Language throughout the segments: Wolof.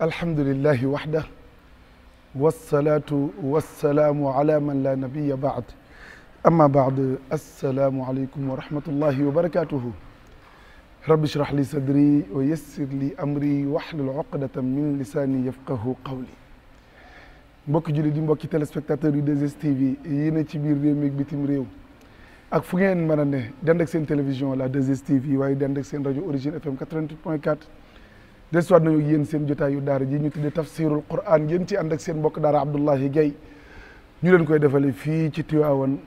alhamdulillahi waxda wasalaatu wasalaamu ala man la nabiya baad amma baad assalaamu aleykum wa rahmatullahi wa barakatuhu rabbi shrah li sadri wa yassir li amri wahlul uqdatan min lisani yafqahu qawli mbokki jullit di mbokki téléspectateur yu 2STV yéen ci biir réew mi bitim réew ak fu ngeen mën a ne dend seen télévision la 2STV waaye dend ak seen rajo origine FM 88 point 4 desuwaat nañu ak yéen seen jotaayu daara ji ñu tuddee tafsirul Qur'an ngeen ci ànd ak seen mbokk daara Abdoulahi Gaye ñu leen koy defalee fii ci Tiwaawan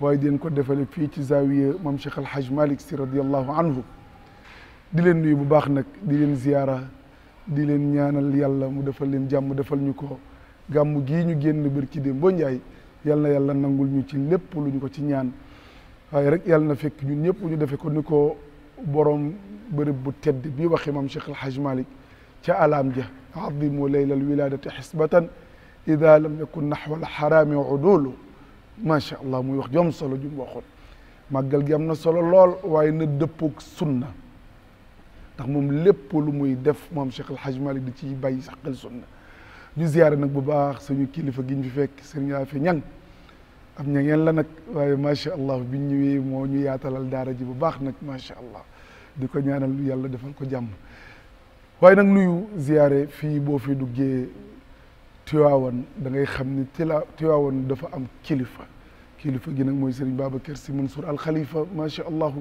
waaye di leen ko defalee fii ci zawiya Maam Cheikh Al Hadj Malick Sy radiyallahu anhu di leen nuyu bu baax nag di leen ziyaara di leen ñaanal yàlla mu defal leen jàmm defal ñu ko. gàmm gii ñu génn bër ci démb boo njaay yal na yàlla nangul ñu ci lépp lu ñu ko ci ñaan waaye rek yàlla na fekk ñun ñëpp ñu defe ko ni ko borom bërëb bu tedd bi waxe maam Cheikh El Hadj Malick ca alaam ja adimu laylal wiladati xisbatan ida lam yakun naxwa alxaraami udulu macha allah muy wax jom solo jum waxoon màggal gi am na solo lool waaye na dëppoog sunna ndax moom lépp lu muy def maam Cheikh El Hadj Malick di ci bàyyi saxal sunna ñu ziyaare nag bu baax suñu kilifa gi ñu fi fekk sëriñ Afe ñang am ñangeen la nag waaye macha allah bi ñëwee moo ñu yaatalal daara ji bu baax nag macha allah di ko ñaanal yàlla defal ko jàmm waaye nag nuyu ziyaare fii boo fi duggee Tiwaawan da ngay xam ni tila Tiwaawan dafa am kilifa kilifa gi nag mooy sëriñ Babacar Sy Mansour Al Khalifa macha allah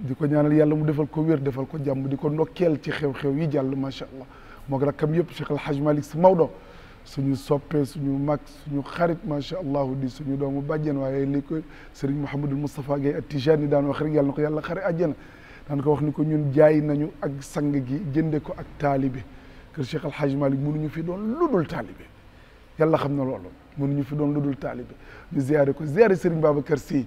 di ko ñaanal yàlla mu defal ko wér defal ko jàmm di ko ndokkeel ci xew-xew yi jàll macha allah moo rakkam yëpp Cheikh El malik Malick Sy Maodo suñu soppe suñu mag suñu xarit macha allah di suñu doomu bàjjen waaye li ko Serigne Mouhamadul Moustapha Gueye at-Tijani daan wax rek yàlla na ko yàlla xare àjjana daan ko wax ni ko ñun jaay nañu ak sang gi jënde ko ak taalibe kër Cheikh El Hadj Malick mënuñu fi doon ludul taalibe yàlla xam na loolu mënuñu fi doon ludul taalibe ñu ziare ko ziare Serigne Babacar Sy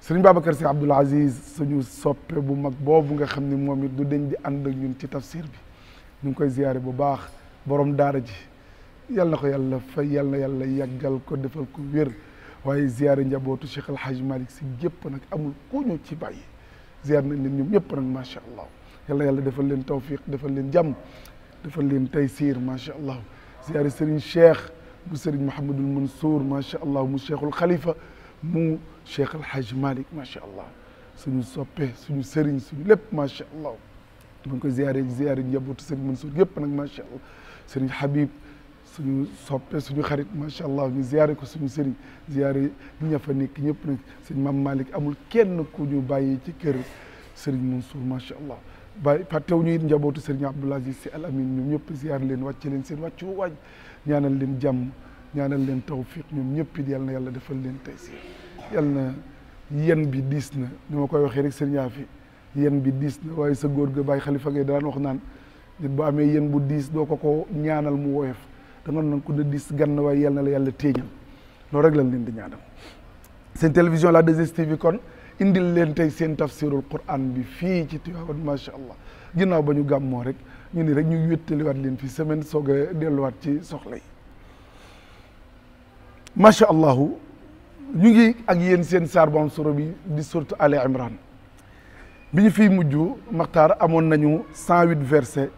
Serigne Babacar Sy Abdoul Aziz suñu soppe bu mag boobu nga xam ne moom it du deñ di ànd ak ñun ci tafsir bi. ñu ngi koy ziyaare bu baax borom daara ji yal na ko yàlla na yal na yàlla yàggal ko defal ko wér waaye ziyaare njabootu Cheikh El Hadj Malick si gépp nag amul ku ñëw ci bàyyi ziyaar nañ leen ñoom ñëpp nag macha allah yal na yàlla defal leen tawfiq defal leen jàmm defal leen taysiir macha allah ziyaare Serigne Cheikh bu Serigne Mouhamadul Mansour macha allah mu Cheikhul Khalifa mu Cheikh El Hadj Malick macha allah suñu soppe suñu Serigne suñu lépp macha allah. maa ngi koy ziare ziare njabootu sëñ Mansour yëpp nag macha allah sëriñ Habib suñu soppe suñu xarit macha allah ñu ziare ko suñu sëriñ ziare ña fa nekk ñëpp nag sëñ Mame amul kenn ku ñu bàyyi ci kër sëriñ Mansour macha allah. bàyyi fàttewu ñu it njabootu sëriñ Abdoul Aziz Sy Al Amine ñoom ñëpp ziare leen wàcce leen seen wàccu waaj ñaanal leen jàmm ñaanal leen tawfiq ñu ñëpp it yal na yàlla defal leen tey si yal na yéen bi diis na ni ma koy waxee rek sëriñ Afi yéen bi diis na waaye sa góor ga bàyyi xalifa ngay daan wax naan nit bu amee yéen bu diis doo ko ko ñaanal mu woyof da nga noon ku ne diis gann waaye yal na la yàlla téeñal loolu rek lañ leen di ñaanal seen télévision la 2STV kon indil leen tey seen tafsirul quran bi fii ci Tivaouane macha allah ginnaaw ba ñu gàmmoo rek ñu ni rek ñu ngi wéttaliwaat leen fii semaine soog a delluwaat ci soxla yi macha allahu ñu ngi ak yéen seen saar bu am solo bi di sourate Ali Imran bi ñu fiy mujj maxtaar amoon nañu cent huit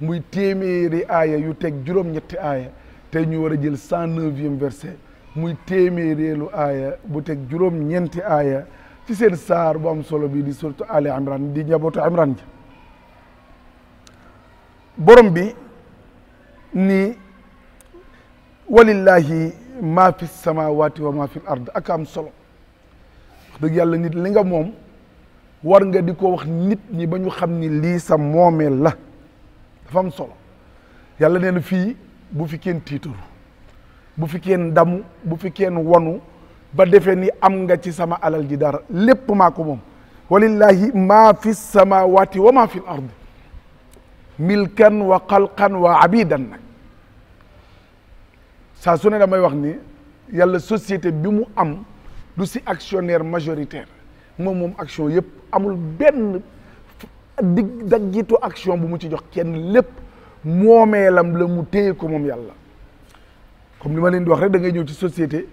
muy téeméeri aaya yu teg juróom-ñetti aaya tey ñu war a jël cent neuvième verset muy téeméereelu aaya bu teg juróom-ñeenti aaya ci seen saar bu am solo bi di suratu Ali Imran di njabootu amran ji borom bi ni walillahi ma fi samawati wa ma fi ard ak am solo wax yàlla nit linga moom war nga di ko wax nit ñi ba ñu xam ni lii sa moomeel la dafa solo yàlla nee na fii bu fi kenn tiitaru bu fi kenn damu bu fi kenn wonu ba defee ni am nga ci sama alal ji dara lépp maa ko moom walillahi maa fi samawati wa maa fi l ard milkan wa xalqan wa abidan nag saa su ne damay wax ni yàlla société bi mu am lu si actionnaire majoritaire moom moom action yëpp amul benn dig daggitu action bu mu ci jox kenn lépp moomeelam la mu téye ko moom yàlla comme li ma leen di wax rek da ñëw ci société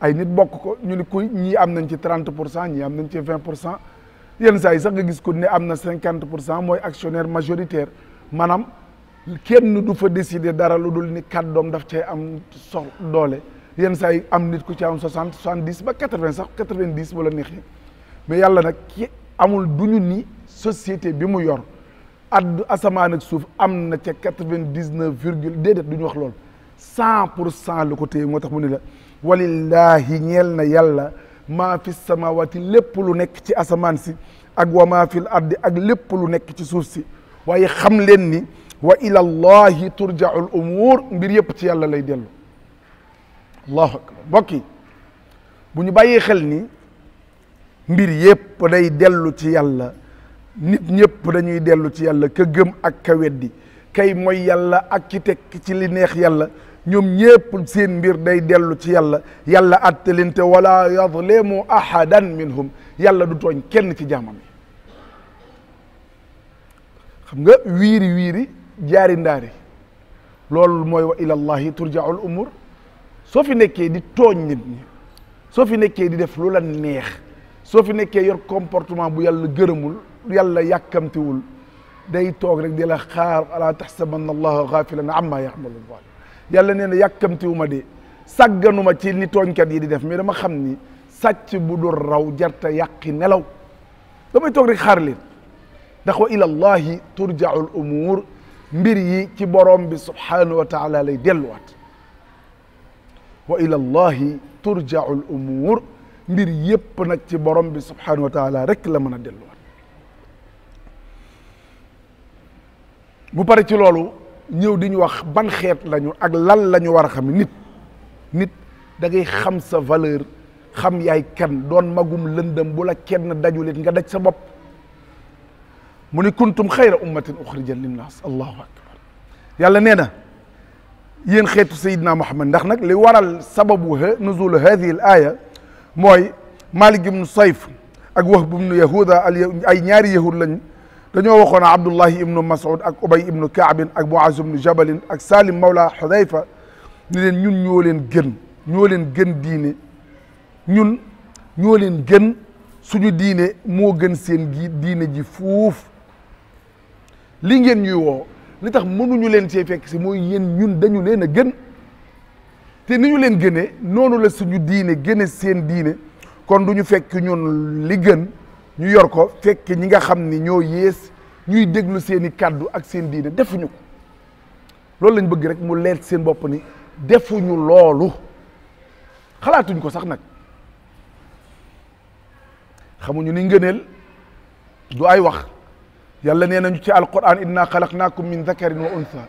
ay nit bokk ko ñu ni ku ñii am nañ ci trente pour cent ñii am nañ ci vingt pour cent yenn saa yi sax nga gis ko ne am na cinquante pour cent mooy actionnaire majoritaire maanaam kenn du fa décider dara lu dul ni kàddoom daf cay am sox doole yenn saa yi am nit ku ci am soixante soixante ba quatre sax quatre vingt dix wala neexee mais yàlla nag ki amul du ñu ni société bi mu yor addu asamaan ak suuf am na ca quatre-vingt-dix-neuf virgule déedéet du ñu wax lool cent pour cent lu ko téye moo tax mu ne la walillahi ngel na yàlla maa fi samawati lépp lu nekk ci asamaan si ak wa maa fil ardi ak lépp lu nekk ci suuf si waaye xam leen ni wa ila llahi turjaul mbir yëpp ci yàlla lay dellu allahu akbar mbokk yi bu ñu bàyyee xel ni mbir yépp day dellu ci yàlla nit ñépp dañuy dellu ci yàlla ka gëm ak ka weddi kay mooy yàlla ak ki teg ci li neex yàlla ñoom ñépp seen mbir day dellu ci yàlla yàlla atte leen te wala yazlimu ahadan minhum yàlla du tooñ kenn ci jaamam yi xam nga wiiri wiiri jaari ndaari loolu mooy wa ilallahi turjaul umur soo fi nekkee di tooñ nit ñi soo fi nekkee di def lu la neex soo fi nekkee yor comportement bu yàlla gërëmul yàlla yàkkamtiwul day toog rek di la xaar alaa taxsabanna allaha gaafilan amma yamalu zalim yàlla nee na yàkkamtiwu ma de sàgganuma ci ni tooñkat yi di def mais dama xam ni sàcc bu dul raw jarta yàqi nelaw damay toog rek xaar leen ndax wa ila llahi turja'u yi ci borom bi subhanahu wa taala lay delluwaat wa ila mbir yépp nag ci borom bi subhanahu wa taala rek la mën a delluwaat bu pare ci loolu ñëw di ñu wax ban xeet lañu ak lan lañu war a xam nit nit dangay xam sa valeur xam yaay kenn doon magum lëndëm bu la kenn dajulit nga daj sa bopp mu ni kuntum xayra ummatin uxrijat linnaas allahu akbar yàlla nee na yeen xeetu sayidna muhammad ndax nag li waral sababu nuzul hadihi al aya mooy Malik ibnu Sayf ak Wahb ibnu Yahuda ay ñaari yahud lañ dañoo waxoon Abdullahi ibnu Mas'ud ak Ubay ibnu Kaabin ak Muaz ibnu Jabalin ak Salim Mawla Xudayfa ni leen ñun ñoo leen gën ñoo leen gën diine ñun ñoo leen gën suñu diine moo gën seen gi diine ji fuuf li ngeen ñuy woo li tax mënuñu leen see fekk si mooy yéen ñun dañu leen a gën te ni ñu leen génne noonu la suñu diine génne seen diine kon du ñu fekk ñu li gën ñu yor ko fekk ñi nga xam ni ñoo yées ñuy déglu seeni kàddu ak seen diine defuñu ko loolu lañ bëgg rek mu leer seen bopp ni defuñu loolu xalaatuñ ko sax nag xamuñu ni ngëneel du ay wax yàlla nee nañu ci alquran inna ko min dakarin wa untha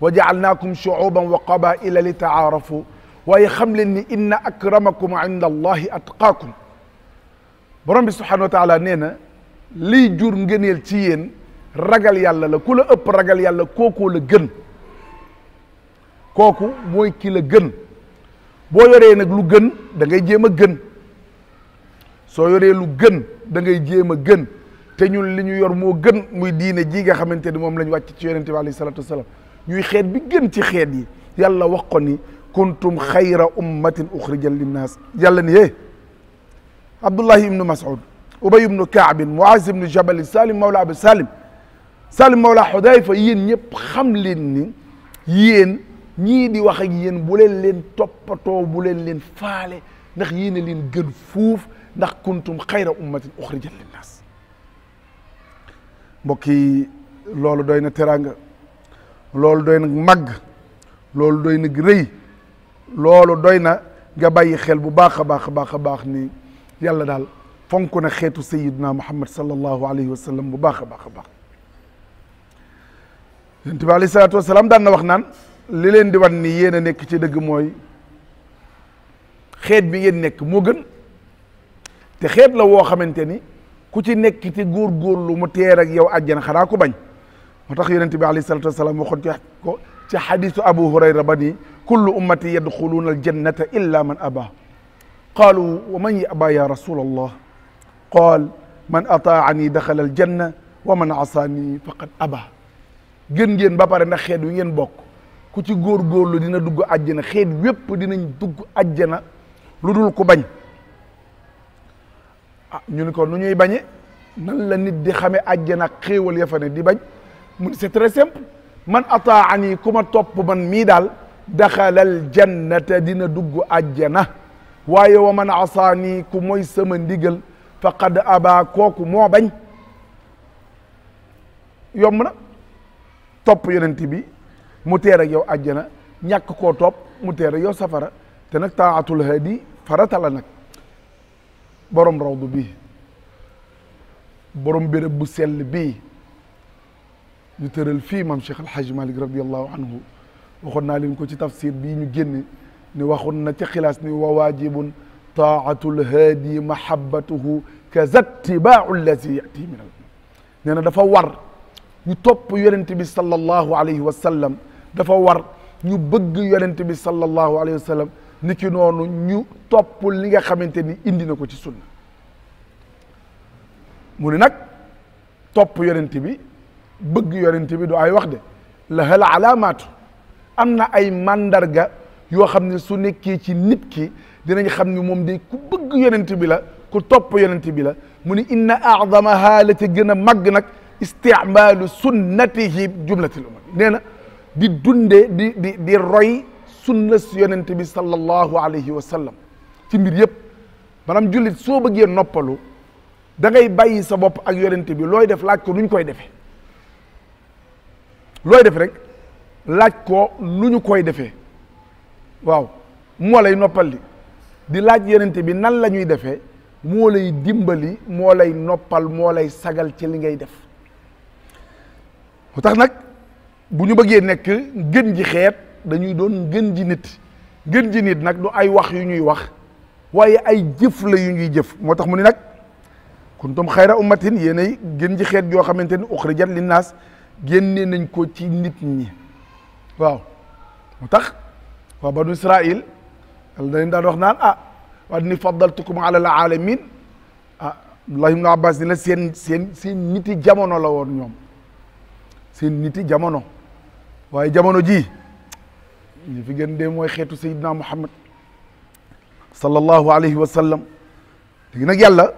wa jaalnaakum shuuban wa qabaila li taarafu waaye xam leen ni inna akramakum inda allahi atqaakum borom bi subhanahu wa taala nee na liy jur ngëneel ci yéen ragal yàlla la ku la ëpp ragal yàlla kooku la gën kooku mooy ki la gën boo yoree nag lu gën dangay ngay jéem a gën soo yoree lu gën da ngay jéem a gën te ñun li ñu yor moo gën muy diine ji nga xamante ni moom la ñu wàcc ci yonente bi alayhi salatu wasalaam ñuy xeet bi gën ci xeet yi yàlla wax ko ni kuntum xayra ummatin uxrijat linnaas yàlla ni eh abdullahi ibnu mas'ud ubay ibnu kaabin muaz ibnu jabal salim mawla abi salim salim mawla xudayfa yéen ñëpp xam leen ni yéen ñii di wax ak yéen bu leen leen toppatoo bu leen leen faale ndax yéen a leen gën fuuf ndax kuntum xayra ummatin uxrijat linnaas mbokk yi loolu doy na teraanga loolu doy nag màgg loolu doy na rëy loolu doy na nga bàyyi xel bu baax a baax a baax a baax ni yàlla daal fonk na xeetu sayiduna muhammad sallallahu alayhi wa sallam bu baax a baax a baax yonent bi alayhi salaatu wasalaam daan na wax naan li leen di wan nii yéen a nekk ci dëgg mooy xeet bi ngeen nekk moo gën te xeet la woo xamante ni ku ci nekk ci góor góorlu mu teer ak yow àjjana xanaa ko bañ moo tax yonent bi alayhi salatu wasalaam waxoon ci ko ci xadisu abu hurayra ba ni kullu ummati yadxuluuna aljannata illa man abaa qaalu wa man yaba ya rasul allah qaal man ataani daxal aljanna wa man asaani faqad abaa gën ngeen ba pare ndax xeet wi ngeen bokk ku ci góor góorlu dina dugg àjjana xeet wépp dinañ dugg àjjana lu dul ku bañ a ah, ñu ni ko nu ñuy bañe nan la nit di xame àjjana ak xéewal ya fa di bañ mu c'est très simple man ataani ku ma topp man mii daal daxala aljannata dina dugg ajjana waaye wa man asaani ku mooy sama ndigal faqad aba kooku moo bañ yomb na topp yonent bi mu teer ak yow ajjana ñàkk ko topp mu teer ak yow safara te nag taatul hadi farata la borom rawdu bi borom béréb bu sell bii ñu tëral fii maam Cheikh Al Hadj Malick radiallahu anhu waxoon naa leen ko ci tafsir bii ñu génne ni waxoon na ca xilaas ni wa waajibun taatu lhaadi mahabatuhu kaza tibau allazi yati min al nee na dafa war ñu topp yonent bi sallallahu alayhi wa sallam dafa war ñu bëgg yonent bi sallallahu alayhi wa sallam ni ki noonu ñu topp li nga xamante ni indi na ko ci sunna mu ni nag topp yonent bi bëgg yonent bi du ay wax de la hal alaamaatu am na ay mandarga yoo xam ne su nekkee ci nit ki dinañ xam ne moom day ku bëgg yonent bi la ku topp yonent bi la mu ni inna aadamaha la ca gën a màgg nag isticmaalu sunnatihi jumlatil umam nee na di dunde di di di roy sunna si yonent bi sallallahu alayhi wa ci mbir yëpp maanaam jullit soo bëggee noppalu da ngay bàyyi sa bopp ak yonent bi looy def laaj ko nuñ koy defee looy def rek laaj ko lu ñu koy defee waaw moo lay noppal di laaj yenente bi nan la ñuy defee moo lay dimbali moo lay noppal moo lay sagal ci li ngay def mu tax nag bu ñu bëggee nekk gën ji xeet dañuy doon gën ji nit ngën ji nit nag du ay wax yu ñuy wax waaye ay jëf la yu ñuy jëf moo tax mu ni nag kon kuntum xayra ummatin yéenay gën ji xeet yoo xamante ni uxrijat linnaas génne nañ ko ci nit ñi waaw tax waa banu Israil yàlla da leen wax naan ah waa ni faddaltukum ala al alamin ah Abdullah ibn Abbas ni la seen seen seen niti jamono la woon ñoom seen niti jamono waaye jamono ji ñu fi gën dee mooy xeetu sayidna Muhammad sallallahu alayhi wa sallam léegi nag yàlla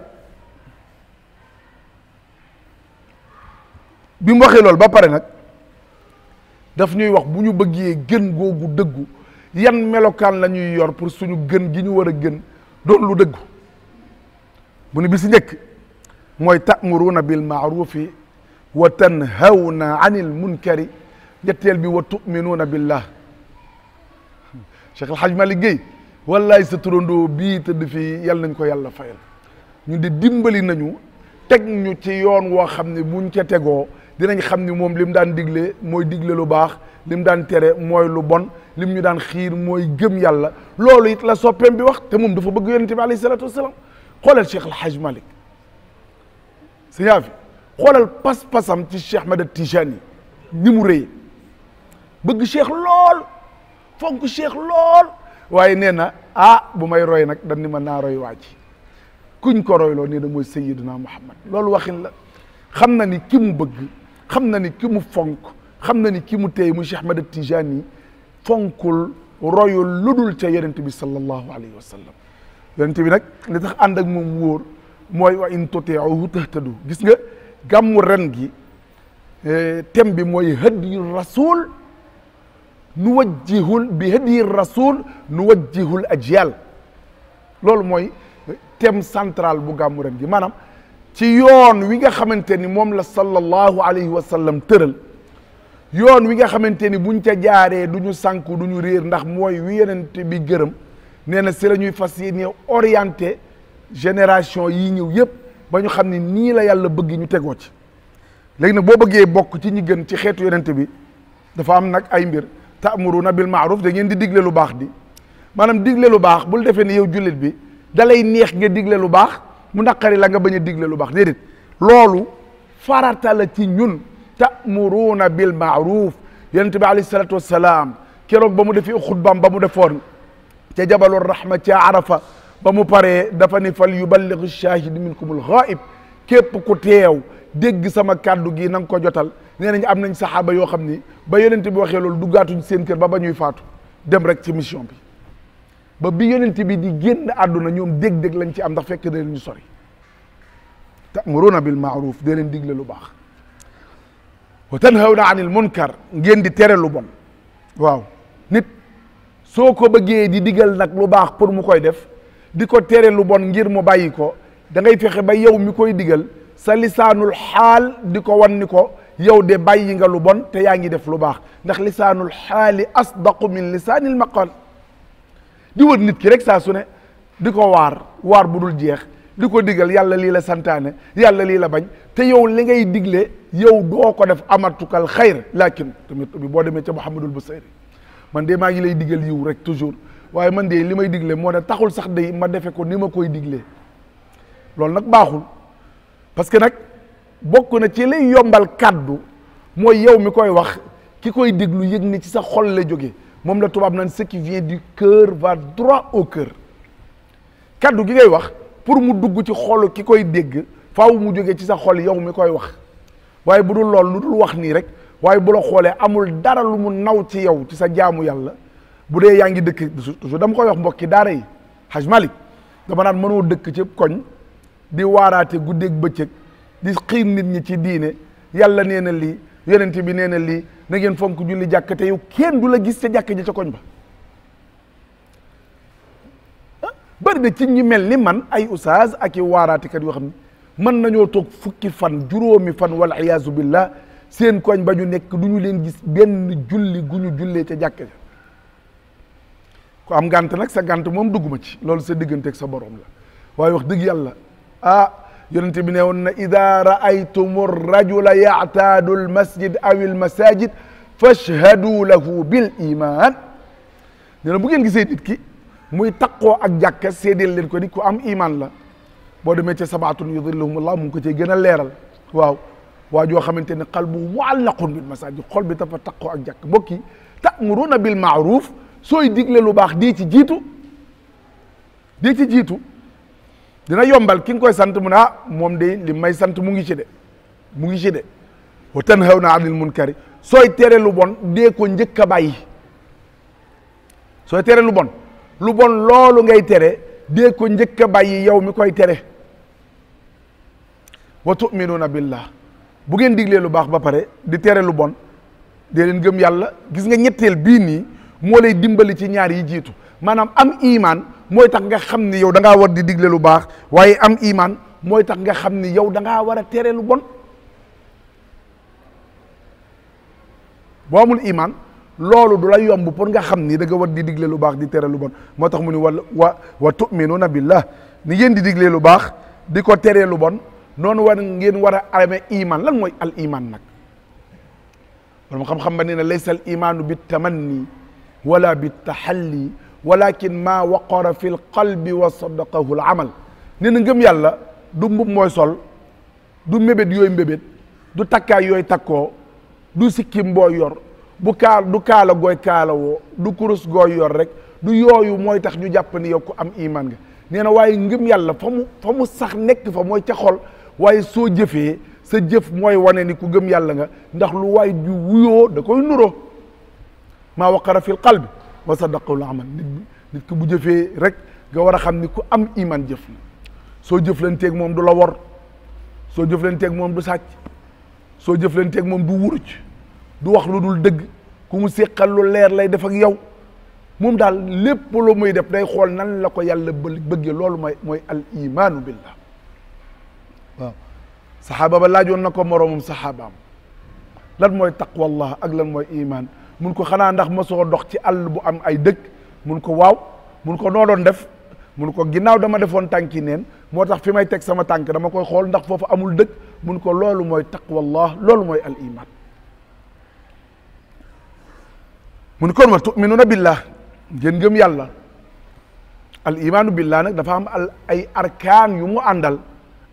bi mu waxee loolu ba pare nag daf ñuy wax bu ñu bëggee gën googu dëggu yan melokaan lañuy yor pour suñu gën gi ñu war a gën doon lu dëggu mu ne bi si njëkk mooy ta'muruuna bil ma'rufi wa tanhawna anil munkari ñetteel bi wa tu'minuuna billah Cheikh El Hadj Malick Guèye wallaay sa turandoo bii tëdd fii yal nañ ko yàlla fayal ñun di dimbali nañu teg ñu ci yoon woo xam ne buñ ca tegoo dinañ xam ni moom lim daan digle mooy digle lu baax lim daan tere mooy lu bon lim ñu daan xiir mooy gëm yàlla loolu it la soppeem bi wax te moom dafa bëgg yonente bi alayhi salaatu wasalaam xoolal Cheikh El Hadj Malick sëñaa fi xoolal pas-pasam ci Cheikh Ahmada Tijani ni mu rëy bëgg Cheikh lool fonk Cheikh lool waaye nee na ah bu may roy nag dañ ni ma naa roy waa kuñ ko royloo nee na mooy Sayyidina Muhammad loolu waxin la xam na ni ki mu bëgg xam na ni ki mu fonk xam na ni kii mu tey muy Cheikh Ahmada Tijani fonkul royul ludul ca yonent bi sallallahu alayhi wa sallam yonent bi nag li tax ànd ak moom wóor mooy wa aw tutiuhu tahtadu gis nga gàmmu ren gi eh, thème bi mooy hadiyu rasul nu wajjihul bi hadiyi rasul nu wajjihul ajyal loolu mooy thème central bu gàmmu ren gi maanaam ci yoon wi nga xamante ni moom la sallallahu alayhi wa sallam tëral yoon wi nga xamante ni buñ ca jaaree du ñu sànku du ñu réer ndax mooy wi yenente bi gërëm nee na si la ñuy fas new orienté génération yi ñëw yëpp ba ñu xam ne nii la yàlla bëgg ñu tegoo ci léegi nag boo bëggee bokk ci ñi gën ci xeetu yonente bi dafa am nag ay mbir ta'muruna bil ma'ruf da ngeen di digle lu baax di maanaam digle lu baax bul defee ni yow jullit bi dalay neex nga digle lu baax mu naqari la nga bañ a digle lu baax déedéet loolu farata ci ñun ta'muruuna bil ma'ruf yonent bi alayhi salaatu wassalaam keroog ba mu defi xutbaam ba mu defoon ca jabalur rahma ca arafa ba mu paree dafa ni fal yuballigh ash-shahid minkumul ghaib képp ku teew dégg sama kàddu gi na nga ko jotal nee nañ am nañ saxaaba yoo xam ni ba yonent bi waxee loolu duggaatuñ seen kër ba ba ñuy faatu dem rek ci mission bi ba bi bi di génn àdduna ñoom dég-dég lañ ci am ndax fekk na leen ñu sori ta'muruna bil ma'ruf da leen digle lu baax wa tanhawna anil munkar ngeen di tere lu bon waaw nit soo ko bëggee di digal nag lu baax pour mu koy def di ko tere lu bon ngir mu bàyyi ko dangay ngay fexe ba yow mi koy digal sa lisaanul xaal di ko wanni ko yow de bàyyi nga lu bon te yaa ngi def lu baax ndax lisaanul xaali asdaqu min lisaanil maqal di wër nit ki rek saa su ne di ko waar waar bu dul jeex di ko digal yàlla lii la santaane yàlla lii la bañ te yow li ngay digle yow doo ko def amatukal xayr laakin tamit bi boo demee ca Muhammadul Busayri man de maa ngi lay digal yiw rek toujours waaye man de li may digle moo ne taxul sax day ma defe ko ni ma koy diglee loolu nag baaxul parce que nag bokk na ci lay yombal kàddu mooy yow mi koy wax ki koy déglu yëg ni ci sa xol la jóge moom la tubaab naan ce qui vient du cœur va droit au cœur kaddu gi ngay wax pour mu dugg ci xolu ki koy dégg faw mu jógee ci sa xol yow mi koy wax waaye bu dul lool lu dul wax nii rek waaye bu la xoolee amul dara lu mu naw ci yow ci sa jaamu yàlla bu dee yaa ngi dëkk toujours dama koy wax mbokki daara yi Haj Malik nga dama naan mënoo dëkk ci koñ di waaraate guddeeg bëccëg di xiir nit ñi ci diine yàlla nee na lii yonent bi nee na lii na ngeen fonk julli jàkk te yow kenn du la gis ca jàkk ja ca koñ ba ah, bari na ci ñi mel ni man ay oustaz ak i waaraatekat yoo xam ne mën nañoo toog fukki fan juróomi fan wal iyaazu billah seen koñ ba ñu nekk du ñu leen gis benn julli gu ñu jullee ca jàkk ja ku am gànt nag sa gànt moom dugguma ci loolu sa digganteek sa boroom la waaye wax dëgg yàlla ah yonente bi ne woon na ida raaytumu rajula yaataadu almasjid aw almasajid fashhadu lahu bil iman ne bu ngeen gisee nit ki muy taqoo ak jàkka seedeel leen ko ni ku am iman la boo demee ca sabaatun yudilluhumullah mu ngi ko cee gën a leeral waaw waa joo xamante ne qalbu muallaqun bil masajid xol bi dafa taqoo ak jàkk mbokk yi ta'muruna bil ma'ruf sooy digle lu baax dee ci jiitu dee ci jiitu dina yombal ki koy sant mu ne ah, moom de li may sant mu ngi ci de mu ngi ci de wa tanhawna mun munkari sooy tere lu bon dee ko njëkk a bàyyi sooy tere lu bon lu bon loolu ngay tere dee ko njëkk a bàyyi yow mi koy tere wa tu'minuna billah bu ngeen diglee lu baax ba pare di tere lu bon dee leen gëm yàlla gis nga ñetteel bii nii moo lay dimbali ci ñaar yi jiitu maanaam am iimaan mooy tax nga xam ni yow danga ngaa war di digle lu baax waaye am iimaan mooy tax nga xam ni yow da war a tere lu bon boo amul imaan loolu du la yomb pour nga xam nii danga nga war di digle lu baax di tere lu bon moo tax mu ni wal wa wa tuminuuna billah ni ngeen di digle lu baax di ko tere lu bon war ngeen war a amee imaan lan mooy al imaan nag wala mu xam-xam ba nee na laysa al imaanu bit tamanni wala bit tahalli walakin maa waqara fi l qalbi wa saddaqahu l amal nee na ngëm yàlla du mbub mooy sol du mébét yooyu mébét du takkaay yooy takkoo du sikkim booy yor bu kaal du kaala gooy kaala woo du kurus gooy yor rek du yooyu mooy tax ñu jàpp ni yow ku am iman nga nee na waaye ngëm yàlla fa mu fa mu sax nekk fa mooy ca xol waaye soo jëfee sa jëf mooy wane ni ku gëm yàlla nga ndax lu waay ju wuyoo da koy nuroo maa waqara fi l qalbi wa sadaqawul amal nit nit ki bu jëfee rek nga war a xam ni ku am iman jëf la soo jëflanteeg moom du la wor soo jëflanteeg moom du sàcc soo jëflanteeg moom du wuruj du wax lu dul dëgg ku mu séqal lu leer lay def ak yow moom daal lépp lu muy def day xool nan la ko yàlla bëggee loolu mooy mooy al imaanu billah waaw saxaaba ba laajoon na ko moroomum saxaabaam lan mooy taqwallah ak lan mooy iman mun ko xanaa ndax mosoo dox ci àll bu am ay dëkk mun ko waaw mun ko noo def mun ko ginnaaw dama defoon tànki neen moo tax fi may teg sama tànk dama koy xool ndax foofu amul dëkk mun ko loolu mooy taqwallah loolu mooy al iman mun kon wa tuminuna billah ngeen ngëm yàlla al imaanu billah nag dafa am al ay arkaan yu mu àndal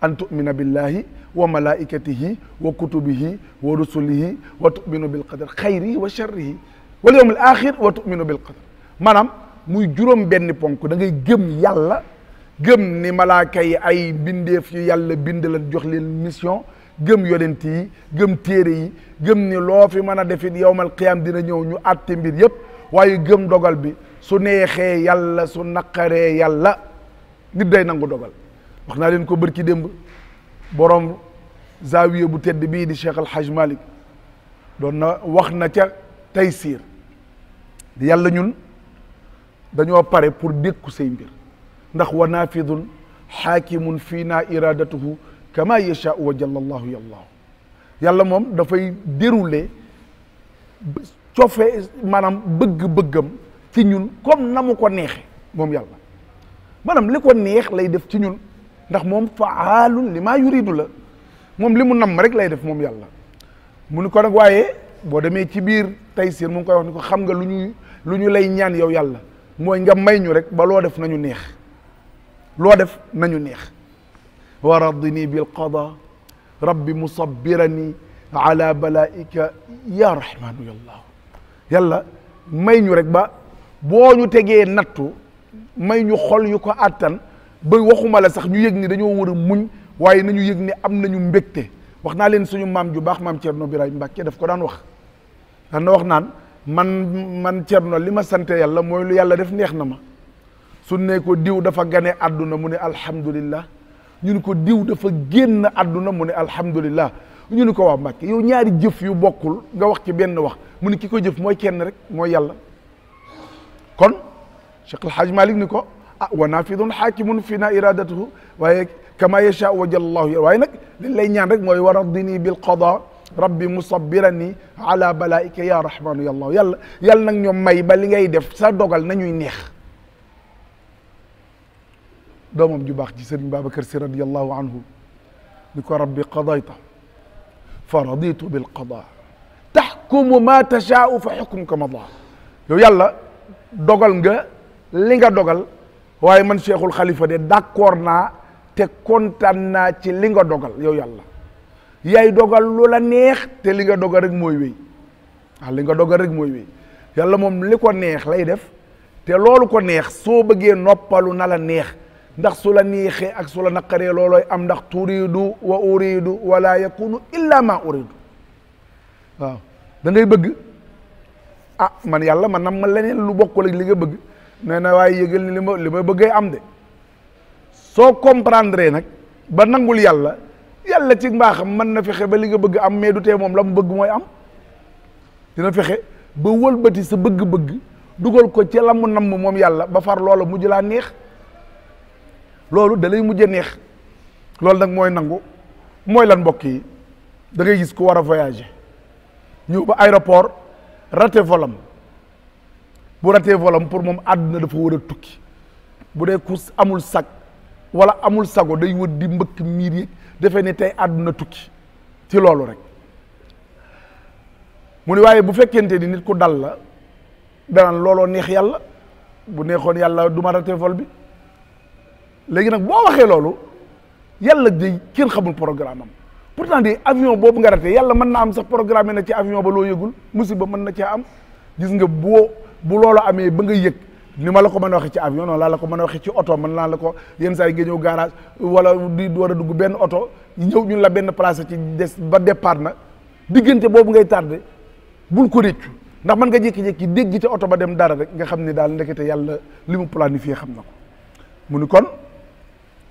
an tumina billahi wa malaikatihi wa kutubihi wa rusulihi wa tuminu bilqadar xayrihi wa sharrihi wal yawm al axir wa tuminu bilqadar maanaam muy juróom benn ponk da ngay gëm yàlla gëm ni malaaka ay bindeef yu yàlla bind la jox leen mission gëm yonent yi gëm téere yi gëm ni loo fi mën a defit yowmal qiyaam dina ñëw ñu àtte mbir yépp waaye gëm dogal bi su neexee yàlla su naqaree yàlla nit day nangu dogal wax naa leen ko bërki démb borom zaawiya bu tedd bii di Cheikh Al malik Malick na wax na ca Taysiir di yàlla ñun dañoo pare pour dékku say mbir ndax wa naafidun xaakimun fii naa iradatuhu kama yashaau wa jalla yallahu yàlla moom dafay dérouler cofe maanaam bëgg-bëggam ci ñun comme na mu ko neexe moom yàlla maanaam li ko neex lay def ci ñun ndax moom faalun li maa yuridu la moom li mu namm rek lay def moom yàlla mu ni ko nag waaye boo demee ci biir Taysiir mu ngi koy wax ko xam nga lu ñuy lu ñu lay ñaan yow yàlla mooy nga may ñu rek ba loo def nañu neex loo def nañu neex wa radini bil qada rabbi musabbirani ala balaika ya rahmanu yallahu yàlla may ñu rek ba boo ñu tegee nattu may ñu xol yu ko àttan ba waxuma la sax ñu yëg ni dañoo war a muñ waaye nañu yëg ni am nañu mbégte wax naa leen suñu maam ju baax maam Thierno Birahim Mbacke daf ko daan wax daan na wax naan man man Thierno li ma sante yàlla mooy lu yàlla def neex na ma su ne ko diw dafa gane àdduna mu ne alhamdulillah ñu ni ko diw dafa génn àdduna mu ne alhamdulillah ñu ne ko waa Mbacke yow ñaari jëf yu bokkul nga wax ci benn wax mu ne ki ko jëf mooy kenn rek mooy yàlla kon Cheikh El Hadj ni ko ah wa naafidun xaakimun fi na iradatuhu waaye kama yasha wajallahu waaye nag liñ lay ñaan rek mooy wa raddini bil qada rabbi musabirani ala balaika ya rahmanu ya allah yàlla yàlla nag ñoom may ba li ngay def sa dogal nañuy neex doomam ju baax ci sëriñ Babacar Si radiallahu anhu ni ko rabbi qadayta fa raditu bil qada taxkumu ma tashaau fa xukmuka mada yow yàlla dogal nga li nga dogal waaye man cheikhul xalifa de d'accord naa te kontaan naa ci li nga dogal yow yàlla yay dogal lu la neex te li nga dogal rek mooy wéy ah li nga dogal rek mooy wéy yàlla moom li ko neex lay def te loolu ko neex soo bëggee noppalu na la neex ndax su la neexee ak su la naqaree loolooy am ndax turiidu wa uriidu wala yakunu illa ma uriidu waaw da ngay bëgg ah man yàlla ma nam ma leneen lu bokkul ak li nga bëgg nee na waaye yëgal ni li ma li ma bëggee am de soo comprendre nag ba nangul yàlla yàlla ci mbaaxam mën na fexe ba li nga bëgg am mais du tee moom la mu bëgg mooy am dina fexe ba wëlbati sa bëgg-bëgg dugal ko ci lam mu moom yàlla ba far loola mujj laa neex loolu da lay mujj neex loolu nag mooy nangu mooy lan mbokk yi da ngay gis ku war a voyager ñëw ba aéroport raté volam bu ratee volam pour moom àdduna dafa war a tukki bu dee ku amul sag wala amul sago day wër di mbëkk miir yi defee ni tey àdduna tukki ci loolu rek mu ne waaye bu fekkente ni nit ku dal la danaan looloo neex yàlla bu neexoon yàlla du ma ratee vol bi léegi nag boo waxee loolu yàlla day kenn xamul programme am pourtant de avion boobu nga raté yàlla mën na am sax programme na ci avion ba loo yëgul musiba mën na caa am gis nga boo bu loolu amee ba nga yëg ni ma la ko mën a waxee ci avion noonu laa la ko mën a waxee ci oto man laa la ko yenn saa yi nga ñëw garage wala di war a dugg benn oto ñëw ñun la benn place ci des ba depart na diggante boobu ngay tardé bul ko réccu ndax mën nga jékki-jékki dégg te oto ba dem dara rek nga xam ne daal ndekete yàlla li mu planifié xam na ko mu ni kon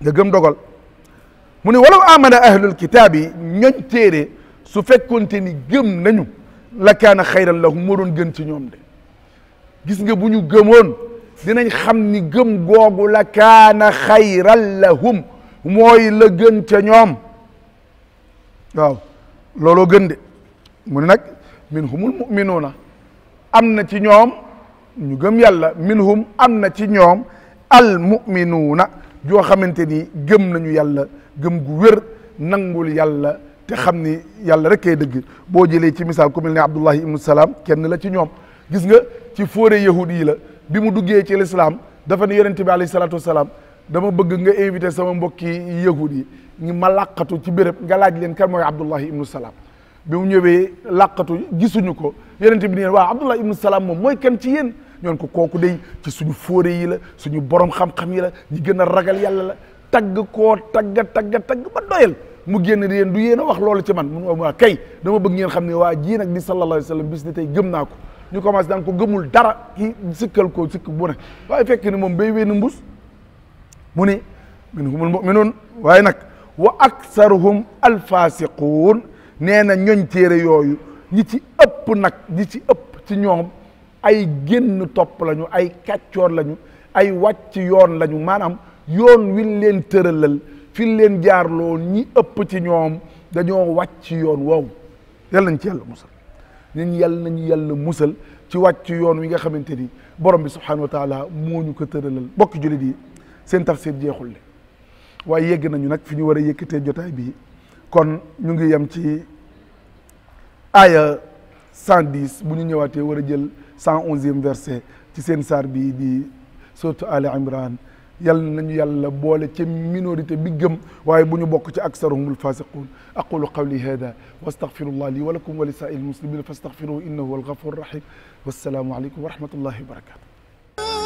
nga gëm dogal mu ni walaw amana ahlul kitaab yi ñoñ téere su fekkonte ni gëm nañu la kaana xayran lahum moo doon gën ci ñoom gis nga bu ñu gëmoon dinañ xam ni gëm googu la kaana xayran lahum mooy la gën ca ñoom waaw looloo gën de mu ne nag minhumul muminuuna am na ci ñoom ñu gëm yàlla minhum am na ci ñoom al muminuuna joo xamante ni gëm nañu yàlla gëm gu wér nangul yàlla te xam ni yàlla rek kay dëgg boo jële ci misaal ku mel ne Abdullahi ibnu Salaam kenn la ci ñoom gis nga ci foore yahud yi la bi mu duggee ci lislaam dafa ne yonente bi alayhi salaatu wasalaam dama bëgg nga invité sama mbokki yahud yi ñu ma làqatu ci béréb nga laaj leen kan mooy abdullahi ibnu salaam bi mu ñëwee làqatu gisuñu ko yonente bi neen waaw abdullahi ibnu salaam moom mooy kan ci yéen ñoon ko kooku day ci suñu fóore yi suñu borom xam-xam yi la ñi gën ragal yàlla la tagg koo tagga tagga tagg ba doyal mu génn di yéen du yéen a wax loolu ci man mun waa kay dama bëgg ngeen xam ne waa jii nag di sallallahu alayhi wa bis ni tey gëm naa ko ñu commencé daan ko gëmul dara ki sikkal ko sikk bu ne waaye fekk ni moom bay wee na mbus mu ni minhumul mu'minuun waaye nag wa aksaruhum alfasiquun nee na ñoñ téere yooyu ñi ci ëpp nag ñi ci ëpp ci ñoom ay génn topp lañu ay kàccoor lañu ay wàcc yoon lañu maanaam yoon win leen tëralal fi leen jaarloo ñi ëpp ci ñoom dañoo wàcc yoon woowu yàlla nañ ci yàlla nañ yàlla nañu yàlla musal ci ci yoon wi nga xamante ni borom bi subhanahu wa taala moo ñu ko tëralal bokk jullit yi seen tafsir jeexul le waaye yegg nañu nag fi ñu war a yëkkatee jotaay bi kon ñu ngi yem ci aaya cent dix bu ñu ñëwaatee war a jël cent onzième verset ci seen saar bi di sourate Al Imran yal nañu yàlla boole ci minorité bi gëm waaye bu ñu bokk ci aksaruhumul fasiqun aqulu qawli hada wa astaghfirullah li wa lakum wa li saa'il muslimin fastaghfiruhu innahu huwal ghafurur rahim wassalaamu aleykum wa rahmatullahi wa barakatuh